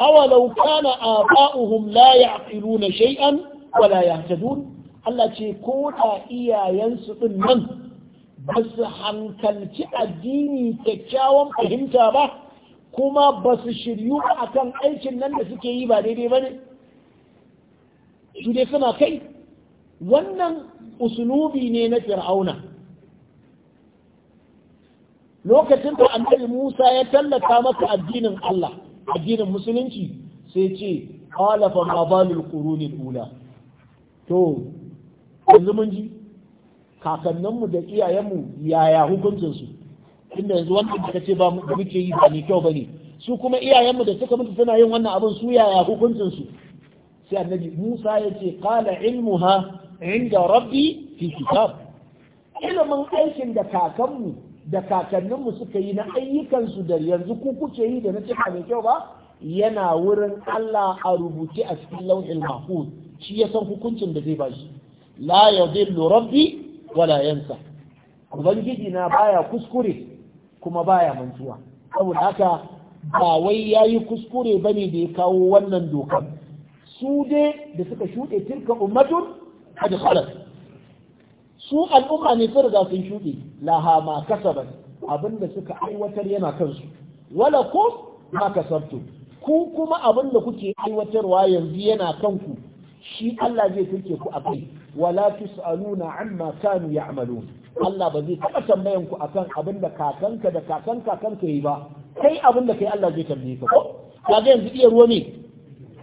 awalau kana aba'uhum la ya'qiluna shay'an wa la yahtadun Allah ce ko da iyayensu din nan ba su hankalci addini kyakkyawan fahimta ba kuma ba su shiryu akan aikin nan da suke yi ba daidai ba ne in dai suna kai wannan usulubi ne na fir'auna lokacin da annabi Musa ya tallata masa addinin Allah addinin musulunci sai ce qala fa ma balul quruni ula to yanzu mun ji kakanninmu da iyayenmu yaya su inda yanzu wannan da kace ba muke yi ba ne kyau bane su kuma iyayenmu da suka mutu suna yin wannan abin su yaya su sai annabi Musa ya ce kala ilmuha inda rabbi fi kitab ilimin aikin da kakanmu da kakanninmu suka yi na ayyukansu da yanzu ku kuke yi da na cika mai kyau ba yana wurin Allah a rubuce a cikin lauhil mahfuz shi ya san hukuncin da zai bashi la yadillu rabbi wala yansa ubangiji na baya kuskure kuma baya mantuwa saboda haka ba wai yayi kuskure bane da ya kawo wannan dokar su dai da suka shuɗe tilka ummatun qad khalat su al'umma ne sun riga sun shuɗe laha ma kasabat da suka aiwatar yana kansu wala ku ma kasabtu ku kuma abinda kuke aiwatarwa yanzu yana kanku shi Allah zai turke ku akai wala tusaluna amma kanu ya'malun Allah ba zai taɓa tambayan ku akan abin da kakanka da kakan kakanka yi ba kai abin da kai Allah zai tambaye ka ko kaga yanzu iya ruwa ne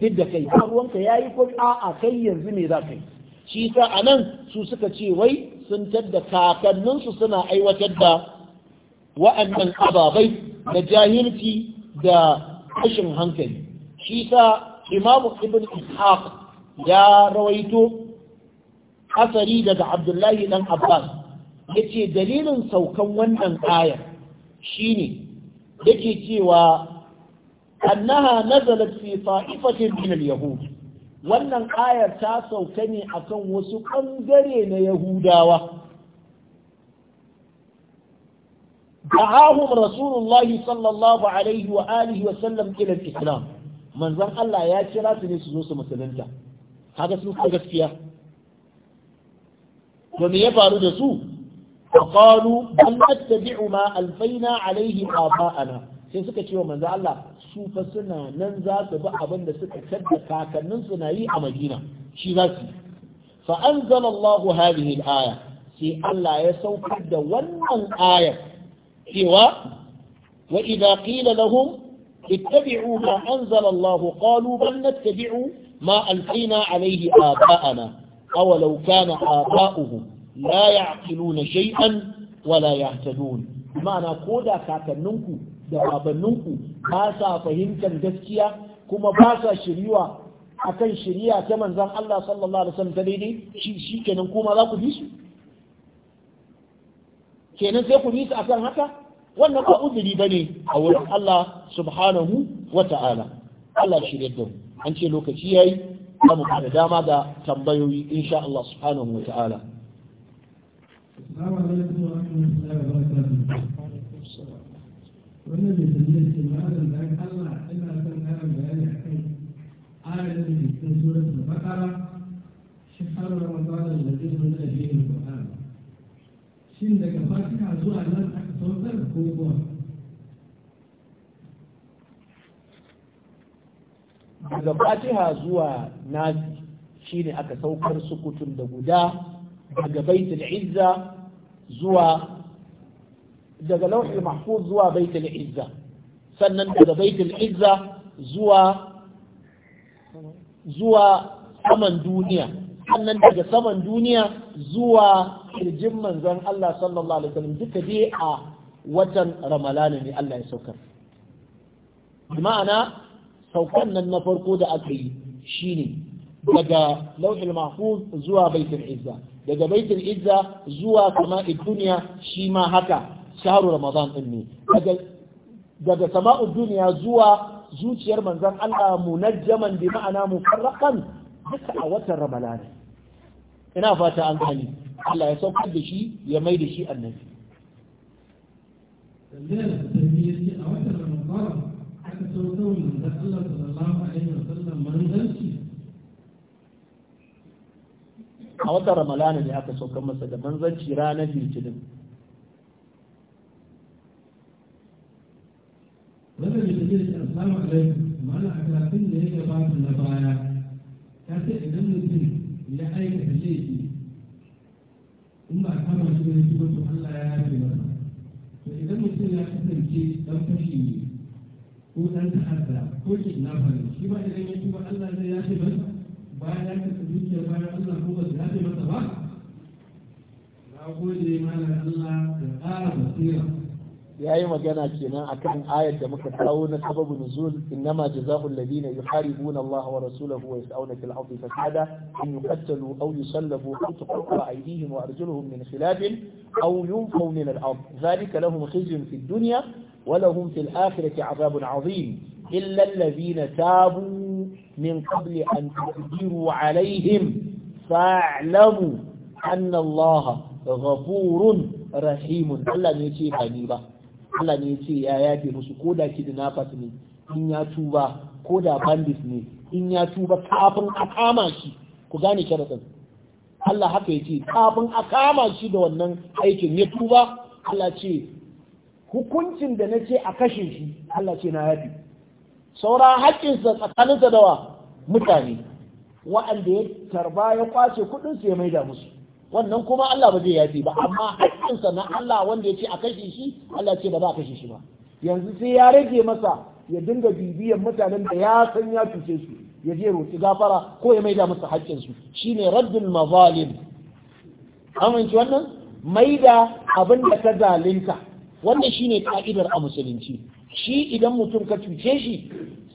duk da kai ruwanka ya yi ko a'a kai yanzu me za ka yi shi ta a nan su suka ce wai sun tadda kakanninsu suna aiwatar da wa'annan ababai da jahilci da rashin hankali shi ta imamu ibn ishaq ya rawaito asari daga abdullahi dan abbas ya ce dalilin saukan wannan ayar shine yake cewa annaha nazalat fi ta'ifatin min al-yahud wannan ayar ta sauka ne akan wasu ɓangare na yahudawa ahun rasulullah sallallahu alaihi wa alihi wa sallam ila islam manzon Allah ya kira su ne su zo su musulunta kaga sun ka gaskiya to me ya faru da su qalu bal nattabi'u ma alfaina alaihi aba'ana sai suka ce wa manzon Allah su fa suna nan za su bi abin da suka tadda kakannin suna yi a madina shi za su fa anzala Allahu hadhihi al-aya sai Allah ya saukar da wannan ayar cewa wa idza qila lahum ittabi'u ma anzala Allahu qalu bal nattabi'u ma alqina alayhi aba'ana awalau kana aba'uhum la ya'qiluna shay'an wala yahtadun ma'ana koda kakanninku da babanninku ba sa fahimtar gaskiya kuma ba sa shiriwa akan shiriya ta manzan Allah sallallahu alaihi wasallam ta daidai shi shikenan kuma za ku bi su kenan sai ku bi su akan haka wannan ba uzuri bane a wurin Allah subhanahu wa ta'ala Allah shirya da mu an ce lokaci yayi za mu da dama da tambayoyi insha Allah subhanahu wa ta'ala Assalamu alaikum wa rahmatullahi wa wannan da tambayar ce malam dan Allah ina son karin bayani akan ayar da ke cikin suratul baqara shahar ramadan alladhi unzila fihi alquran shin daga fatiha zuwa nan aka saukar ko kuwa daga fatiha zuwa nasi shine aka saukar sukutun da guda daga baitul izza zuwa daga lauhul mahfuz zuwa baitul izza sannan daga baitul izza zuwa zuwa saman duniya sannan daga saman duniya zuwa kirjin manzon Allah sallallahu alaihi wasallam duka dai a watan ramalana ne Allah ya saukar ma'ana saukan nan na farko da aka yi shine daga lauhul mahfuz zuwa baitul izza daga baitul izza zuwa sama'id duniya shi ma haka shaharu ramadan din ne daga sama'ud duniya zuwa zuciyar manzon Allah munajjaman bi ma'ana mufarraqan duka a watan ramadan ina fata an gani Allah ya saukar da shi ya mai da shi annabi a watan ramadan aka saukar manzon Allah sallallahu alaihi wasallam manzanci a watan ramalana ne aka saukar masa da manzanci ranar litinin wannan da take da assalamu alaikum ma'ana a karatun da ya gabata na baya ta ce idan mutum ya aikata laifi in ba kama shi da shi wato Allah ya yafe masa to idan mutum ya kasance dan fashi ne ko dan ta'adda ko na ne shi ba idan ya tuba Allah zai yafe masa bayan ya kasa dukiya bayan Allah ko ba zai yafe masa ba na gode malam Allah da ƙara basira ya yi magana kenan akan ayar da muka kawo na sababu nuzul innama jazaa'ul ladina yuharibuna Allah wa rasulahu wa yas'una fil ardi fasada in yuqtalu aw yusallabu aw tuqatta aydihim wa arjuluhum min khilaf aw yunfaw min al-ard dhalika lahum khizyun fid dunya wa lahum fil akhirati 'adhabun 'adhim illa alladhina tabu min qabli an tuqdiru 'alayhim fa'lamu anna Allah ghafurun rahimun Allah ne ce ba ni ba Allah ne ya ce ya yafe musu ko da kidnappers ne in ya tuba ko da bandit ne in ya tuba kafin a kama shi ku gane sharaɗin Allah haka ya ce kafin a kama shi da wannan aikin ya tuba Allah ce hukuncin da na a kashe shi Allah ce na yafe saura sa tsakaninsa da wa mutane wa'anda ya tarba ya kwace kuɗinsu ya maida musu wannan kuma Allah ba zai yafi ba amma haƙƙinsa na Allah wanda ya ce a kashe shi Allah ce ba za a kashe shi ba yanzu sai ya rage masa ya dinga bibiyan mutanen da ya san ya cuce su ya je roƙi gafara ko ya maida masa haƙƙinsu shine raddul mazalim amince wannan maida abin da ta zalunta wannan shine ka'idar a musulunci shi idan mutum ka cuce shi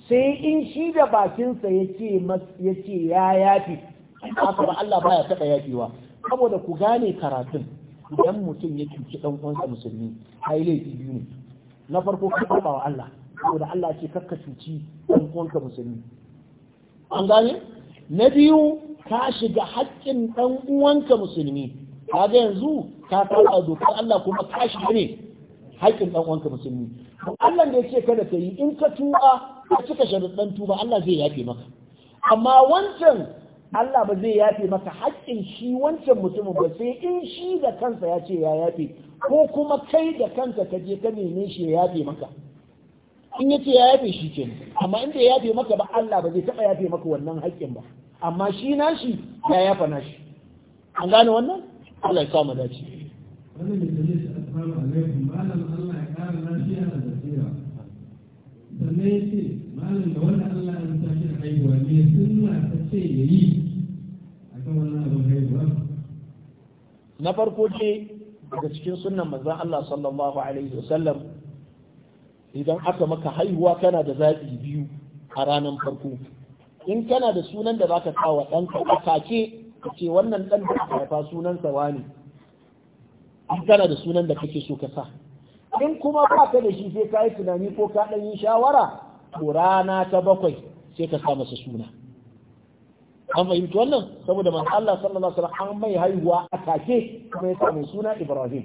sai in shi da bakinsa ya ce ya yafi haka ba Allah baya taɓa yafewa saboda ku gane karatun idan mutum ya cuci dan uwansa musulmi ai laifi biyu ne na farko ka saba wa Allah saboda Allah ce kakka cuci dan uwanka musulmi an gane na biyu ka shiga haƙƙin dan uwanka musulmi kaga yanzu ka saba dokar Allah kuma ka shiga ne haƙƙin dan uwanka musulmi Allah da ce kada ka yi in ka tuba ka cika sharuɗan tuba Allah zai yafe maka amma wancan Allah ba zai yafe maka haƙƙin shi wancan mutumin ba sai in shi da kansa ya ce ya yafe ko kuma kai da kanka ka je ka neme shi ya yafe maka in yace ya yafe shi ke amma in ya yafe maka ba Allah ba zai taɓa yafe maka wannan haƙƙin ba amma shi nashi ya yafa shi an gane wannan Allah ya samu dace wannan da Allah ya kara lafiya da basira sannan ya ce malam da wanda Allah ya rubuta shi da haihuwa ne sunna ta ce ya yi a kan wannan abin haihuwa na farko ce daga cikin sunnan manzon Allah sallallahu alaihi wasallam idan aka maka haihuwa kana da zaɓi biyu a ranar farko in kana da sunan da zaka kawo ɗanka a kake ka ce wannan ɗan da aka haifa sawa ne. in kana da sunan da kake so ka sa in kuma ba ka da shi sai ka yi tunani ko ka ɗan yi shawara to rana ta bakwai sai ka sa masa suna an fahimci wannan saboda man Allah sallallahu alaihi wasallam an mai haihuwa a take kuma ya sa suna Ibrahim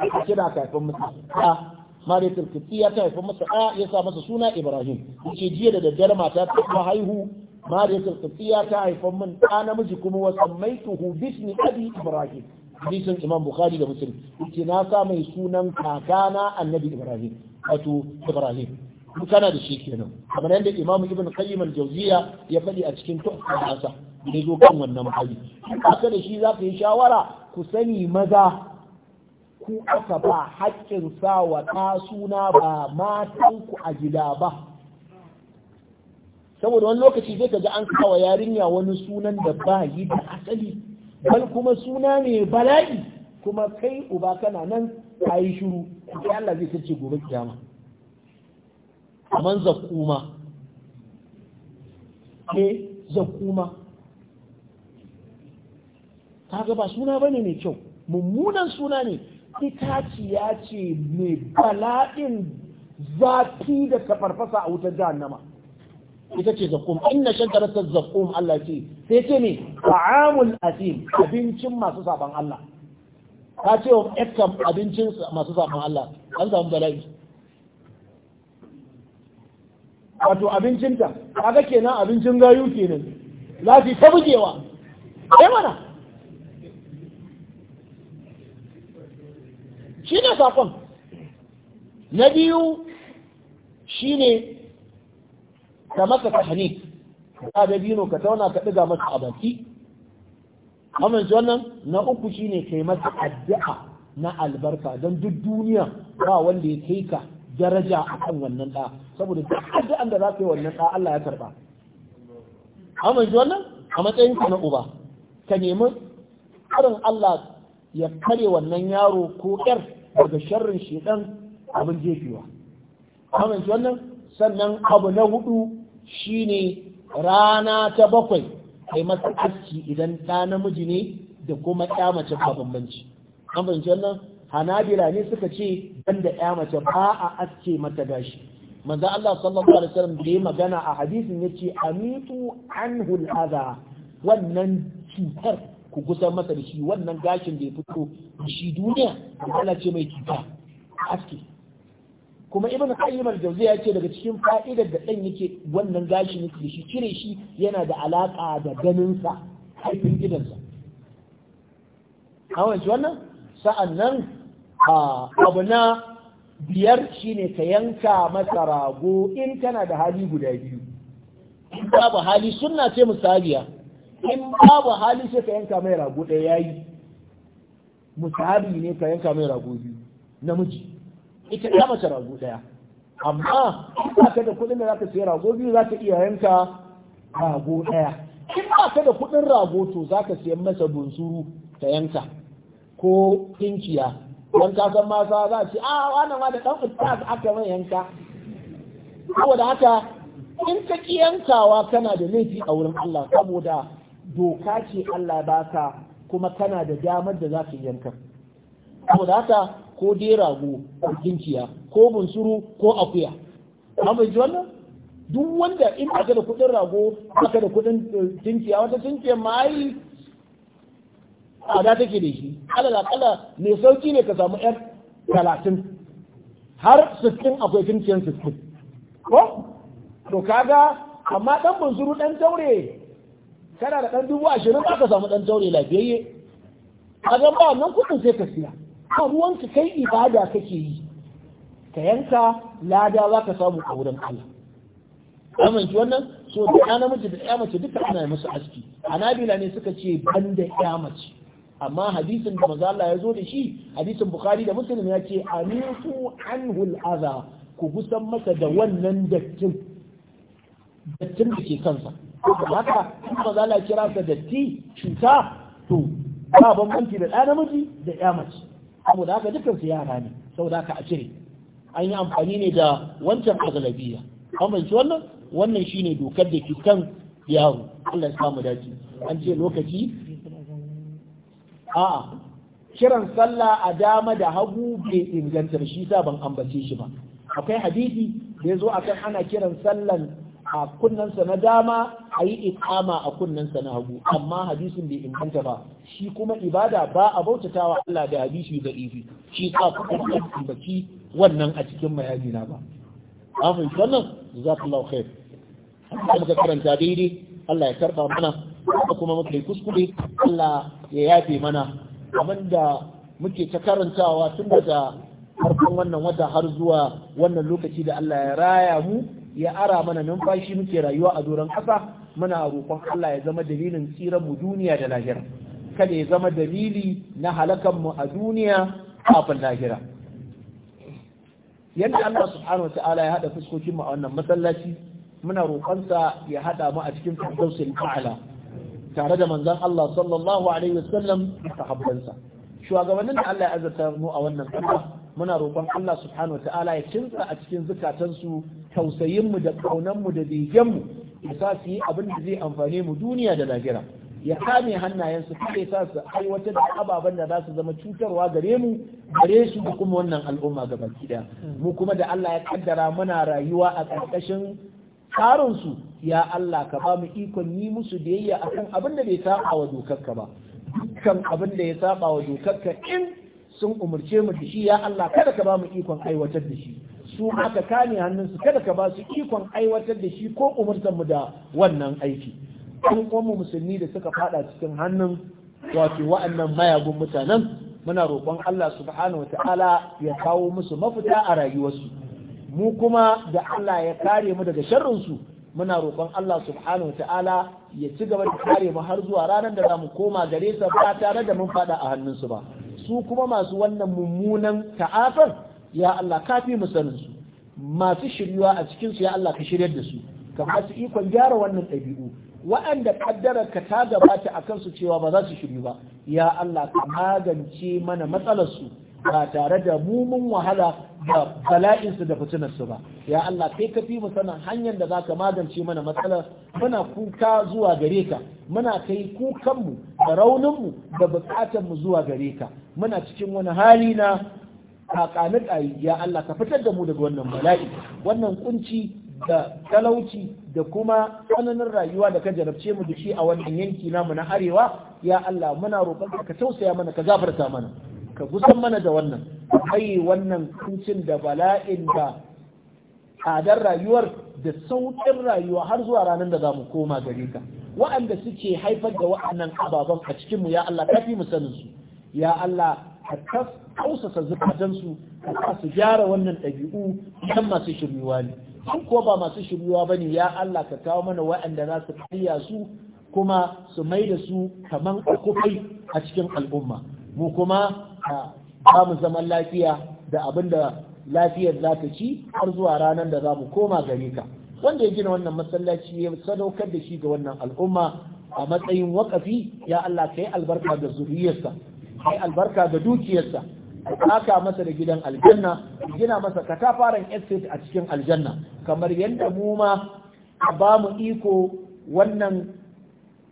a take da kafin masa a Maritul ya ta haifa masa a ya sa masa suna Ibrahim yace jiya da daddare mata ta kuma haihu Maritul ya ta haifa min ɗa namiji kuma wa sammaituhu bismi abi Ibrahim hadisin imam bukhari da muslim yace na sa mai sunan kakana annabi ibrahim wato ibrahim duk kana da shi kenan kamar yadda imam ibn qayyim al-jawziya ya faɗi a cikin tuhfa da zo kan wannan hali haka da shi zaka yi shawara ku sani maza ku aka ba haƙƙin sa wa ta suna ba matan ku a gida ba saboda wani lokaci zai ka ji an kawo yarinya wani sunan da ba yi da asali bal kuma suna ne bala'i kuma kai uba kana nan ka yi shiru sai Allah zai sace gobe kiyama kaman zakuma eh zakuma kaga ba suna bane mai kyau mummunan suna ne itaciya ce mai bala'in zafi da tafarfasa a wutar jahannama ita ce zakum inna az zakum Allah ce sai ce ne ta'amul asim abincin masu saban Allah ka ce wa ekam abincin masu saban Allah an samu bala'i wato abincinta kaga kenan abincin gayu kenan lafi ta bugewa sai mana shi ne sakon na biyu shi ne ka maka tahnik ka da bino ka tauna ka diga masa a baki amince wannan na uku shine kai masa addu'a na albarka don duk duniya ba wanda ya kai ka daraja a kan wannan da saboda duk addu'an da za ka yi wannan da Allah ya karba amince wannan a matsayin ka na uba ka nemi karin Allah ya kare wannan yaro ko yar daga sharrin shedan abin jefewa amince wannan sannan abu na hudu shine rana ta bakwai kai masa aski idan ɗa namiji ne da kuma ƴa mace an fahimci wannan hanabila ne suka ce ban ƴa mace ba a aske mata gashi manzo Allah sallallahu alaihi wasallam da ya magana a hadisin yace amitu anhu al-adha wannan cutar ku gusa masa da shi wannan gashin da ya fito da shi duniya Allah ce mai cuta aske kuma ibn qayyim al-jawziya yace daga cikin fa'idar da dan yake wannan gashi ne shi cire shi yana da alaka da ganin sa haifin sa kawai wannan sa'annan abu na biyar shine ka yanka masa rago in kana da hali guda biyu in babu hali sunna ce musabiya in babu hali sai ka yanka mai rago ɗaya yayi musabi ne ka yanka mai rago biyu namiji ita ya mace rago ɗaya amma in ba ka da kuɗin da za ka siya rago biyu za ka iya yanka rago ɗaya in ba ka da kuɗin rago to za ka siyan masa bunsuru ta yanka ko tinkiya don ka san masa za a ce a wannan ma da ɗan ustaz aka mai yanka saboda haka in ka ki yankawa kana da laifi a wurin Allah saboda doka ce Allah baka kuma kana da damar da za ka yanka saboda haka ko dai rago ko kinkiya ko bunsuru ko akuya amma ji wannan duk wanda in aka da kudin rago aka da kudin tinkiya eh, wata tinkiyar ma ai tsada take da shi alal kala ne sauki ne ka samu yar talatin har sittin akwai tinkiyar sittin ko to kaga amma dan bunsuru dan taure kana da dan dubu ashirin aka samu dan taure lafiyayye a ba nan kudin sai ka siya a ruwanka kai ibada kake yi ka yanka lada za ka samu a wurin Allah amince wannan so da ya namiji da ya mace duka ana musu aski anabila ne suka ce ban da ya mace amma hadisin da maza Allah ya zo da shi hadisin bukhari da muslim ya ce anifu anhu hul'aza ku gusan masa da wannan dattin dattin da ke kansa haka in maza Allah ya kira sa datti cuta to ba bambanci da ɗa namiji da ya mace saboda haka dukkan su yara ne saboda haka a cire an yi amfani ne da wancan agalabiya shi wannan wannan shine dokar da ke kan yaro Allah ya samu dace an ce lokaci a'a kiran sallah a dama da hagu bai inganta shi sa ban ambace shi ba akwai hadisi da ya zo akan ana kiran sallan a kunnensa na dama a yi ikama a kunnensa na hagu amma hadisin bai inganta ba shi kuma ibada ba a bautata wa Allah da hadisi da ifi shi sa kuka baki wannan a cikin mayani na ba afin wannan jazakallahu khair Allah muka karanta daidai Allah ya karba mana da kuma muka yi kuskure Allah ya yafe mana da muke ta karantawa tun da farkon wannan wata har zuwa wannan lokaci da Allah ya raya mu ya ara mana numfashi muke rayuwa a doron ƙasa muna roƙon Allah ya zama dalilin tsiran mu duniya da lahira kada ya zama dalili na halakan mu a duniya kafin lahira yadda Allah subhanahu wataala ya hada fuskokin mu a wannan masallaci muna sa ya hada mu a cikin firdausul a'la tare da manzon Allah sallallahu alaihi wasallam da sahabbansa shugabannin da Allah ya azurta mu a wannan ƙasa muna roƙon Allah subhanahu ta'ala ya kinsa a cikin zukatansu tausayinmu da ƙaunanmu da begenmu ya sa su yi abin da zai amfane mu duniya da lahira ya kame hannayensu kada ya sa su aiwatar da ababen da za su zama cutarwa gare mu gare su da kuma wannan al'umma gaba ɗaya mu kuma da Allah ya kaddara muna rayuwa a ƙarƙashin tsarinsu ya Allah ka ba mu ikon yi musu biyayya akan abin da bai saba wa dokarka ba dukkan abin da ya saba wa dokarka in sun umarce mu da shi ya Allah kada ka ba mu ikon aiwatar da shi su aka kame hannunsu kada ka ba su ikon aiwatar da shi ko umartar mu da wannan aiki kun kuma musulmi da suka fada cikin hannun wato wa'annan mayagun mutanen muna roƙon Allah subhanahu wa ta'ala ya kawo musu mafita a rayuwarsu mu kuma da Allah ya kare mu daga sharrin su muna roƙon Allah subhanahu wa ta'ala ya ci gaba da kare mu har zuwa ranar da za mu koma gare sa ba tare da mun fada a hannunsu ba su kuma masu wannan mummunan ta'afan ya Allah ka fi su masu shiryuwa a cikinsu ya Allah ka shiryar da su ka ba ikon gyara wannan ɗabi'u waɗanda ƙaddarar ka ta gabata a kansu cewa ba za su shiryu ba ya Allah ka magance mana matsalar su ba tare da mu mun wahala da bala'insu da fitinarsu ba ya Allah kai ka fi mu sanin hanyar da zaka magance mana matsalar muna kuka zuwa gare ka muna kai kukanmu da rauninmu da mu zuwa gare ka muna cikin wani hali na kakani ƙayi ya Allah ka fitar da mu daga wannan bala'i wannan kunci da talauci da kuma tsananin rayuwa da ka jarabce mu da shi a wannan yanki namu na arewa ya Allah muna roƙonka ka tausaya mana ka gafarta mana ka gusan mana da wannan kai wannan kuncin da bala'in da tsadar rayuwar da sauƙin rayuwa har zuwa ranar da za mu koma gare ka wa'anda suke haifar da wa'annan ababen a cikinmu ya Allah ka fi mu sanin su ya Allah ka kausasa zukatansu ka su gyara wannan ɗabi'u idan masu shiryuwa ne in ko ba masu shiryuwa ba ne ya Allah ka kawo mana wa'anda za su karya su kuma su mai da su kaman kufai a cikin al'umma mu kuma a samu zaman lafiya da abin da lafiyar za ta ci har zuwa ranar da za mu koma gare ka wanda ya gina wannan masallaci ya sadaukar da shi ga wannan al'umma a matsayin wakafi ya Allah ka yi albarka da zuriyarsa ka yi albarka da dukiyarsa aka masa da gidan aljanna gina masa katafaren estate a cikin aljanna kamar yadda mu ma a ba mu iko wannan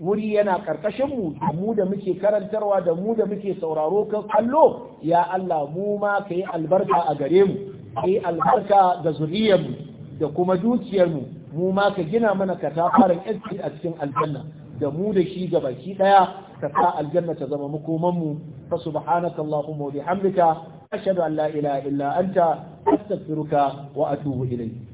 wuri yana karkashin mu da mu da muke karantarwa da mu da muke sauraro kan kallo ya Allah mu ma yi albarka a gare mu yi albarka ga zuriyar mu da kuma dukiyar mu mu ma ka gina mana katafaren yanci a cikin aljanna da mu da shi ga baki daya ka sa aljanna ta zama makoman mu fa subhanaka allahumma wa bihamdika ashhadu an la ilaha illa anta astaghfiruka wa atubu ilayk